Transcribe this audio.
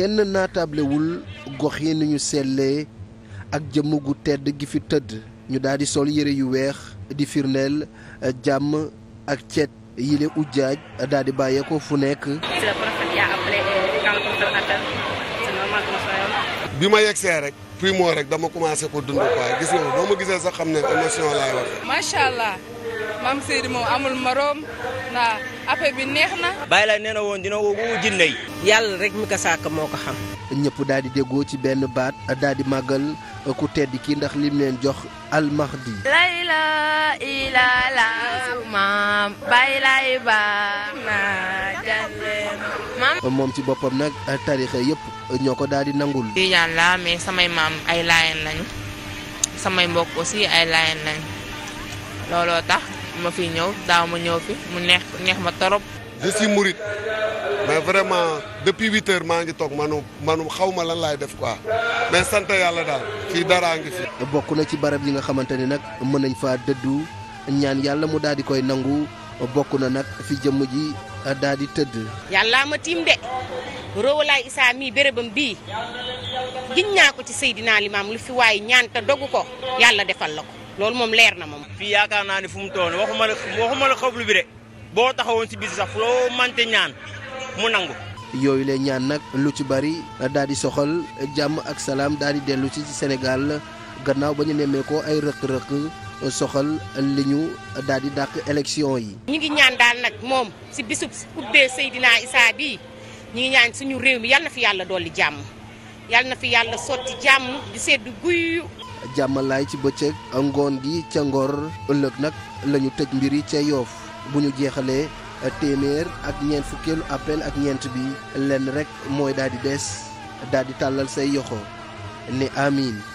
kenn naatablewul gox yi ni ñu sellee ak jëmm gu tedd gi fi tëdd ñu daal di sol yére yu weex di firndeel eh, jàmm ak cet yile ujjaaj daal di bàyyeekoo fu nekk. bi ma yegsee rek primo rek dama commencé ko dund quoi gis nga doo ma gisee sax xam ne émotion laay wax. macha allah maam Seydi amul moroom waaw affaire bi neex na. bàyyi nee na woon dina woo jinne yi. yàlla rek mi ko sàkk moo ko xam. ñëpp daal di déggoo ci benn baat daal di màggal ku tedd kii ndax lim leen jox almahdi. layla ila la maam bay lay naa jàllee moom ci boppam nag tarixa yëpp ñoo ko daal di nangul. di yàlla mais samay maam ay laayeen lañu samay mbokk aussi ay laayeen lañu looloo tax. ma fi ñëw daaw ma ñëw fi mu neex neex ma torop je suis mouride mais vraiment depuis huit maa ngi toog manu manu xaw ma lan laay def quoi mais sant yàlla daal fii daraa ngi fi. bokk na ci barab yi nga xamante ni nag mën nañ faa dëddu ñaan yàlla mu daal di koy nangu bokk na nag fi jëmm ji daal di tëdd. yàllaa ma tiim de Roowalaay Isaa mii bérébam bii giñ naa ko ci Seydina Limaam lu fi waaye ñaanta te dogu ko yàlla defal la ko. loolu moom leer na moom. fii yaakaar naa ne fu mu toll waxuma la waxuma xoblu bi de boo taxawoon ci biir sax loo mante ñaan mu nangu. yooyu la ñaan nag lu ci bari daal di soxal jàmm ak salaam daal di dellu ci Sénégal gannaaw ba ñu nemmee ko ay rëq-rëq soxal li ñu daal di dàq élection yi. ñu ngi ñaan daal nag moom si bisub ubbee Seydina Issa bii ñu ngi ñaan suñu réew mi yal na fi yàlla dolli jàmm. yàlla na fi yàlla sotti jàmm di seddu guyu jàmmalaay ci bëccëg ngoon gi ca Ngor ëllëg nag lañu ñu tëj mbir yi ca Yoof bu ñu jeexalee téeméer ak ñeent fukkeelu appel ak ñeent bi lenn rekk mooy daal di des daal di tàllal say yoxo ne amiin